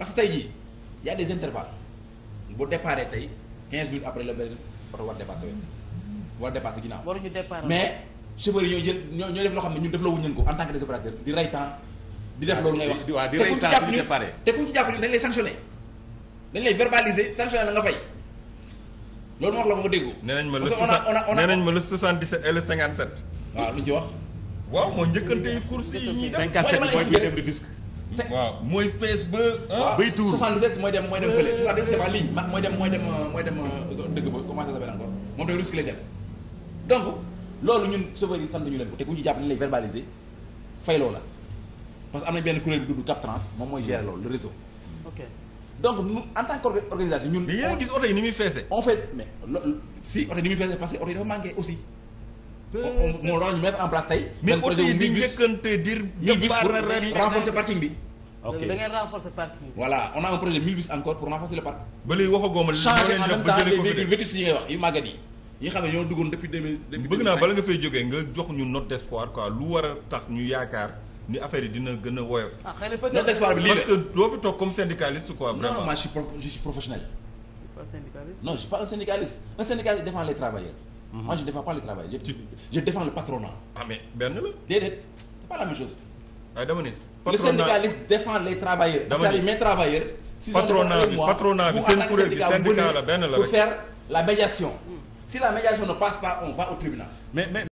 parce que tey jii y a des intervalles bu déparé tey 15 minutes après la benn oto war dépassé wet war dépassé ginnaaw. waruñu départ mais chauffeurs yi ñoo jël ñoo ñoo def loo xam ne ñu def loo wuñ leen ko en tant que des opérateurs di di def loolu ngay wax ah, di waaw di ray temps suñu déparé te ku ñu jàpp ni dañ lay sanctionné dañ lay verbaliser sanctionné la nga fay. loolu moo wax la ko nga déggoo. nee nañ ma le 60 nee nañ ma le 77 et le 57. waaw lu ñu moo njëkkante yu course yi. 57 mooy dem Rufisque waaw mooy Facebook. bay tuur 77 mooy dem mooy dem fële 77 c'est pas ligne ma mooy dem mooy dem euh, mooy dem euh, dëgg ba comment ça s'appelle encore moom day risque lay dem donc loolu ñun chauffeurs yi sant ñu leen ko te ni lay verbaliser fay loo la parce que am nañ benn kuréel bu dudd Cap Trans moom mooy gérer loolu le réseau. ok donc nous en tant qu'organisation ñun. mais gis oto yi ni muy feesee. on fait mais si oto yi ni muy feesee parce que oto dafa manqué aussi. moo doon ñu mettre en place tey. mais yi di njëkkante dir. ñëpp bus pour parking bi. ok da ngeen parking bi. voilà on a un projet mille bus encore pour renforcer le parc. ba léegi waxagoo ma. changé en même temps les véhicules vétustes yi ngay wax yu màggat yi. yi nga xam ne ñoo duggoon depuis deux mille. bëgg naa bala nga fay jógee nga jox ñu note d'espoir quoi lu war a tax ñu yaakaar. ni affaire yi dina gën a woyof. ah xëy na peut être espoir bi lii la parce que Mhm. moi je ne défends pas le travail je je défends le patronat. ah mais benn la. déedéet c'est pas la même chose. Ah, le syndicaliste défend les travailleurs. dama si patronat bi patronat bi seen kuréel gi syndicat la benn pour faire la médiation. si la médiation ne passe pas on va au tribunal. mais mais.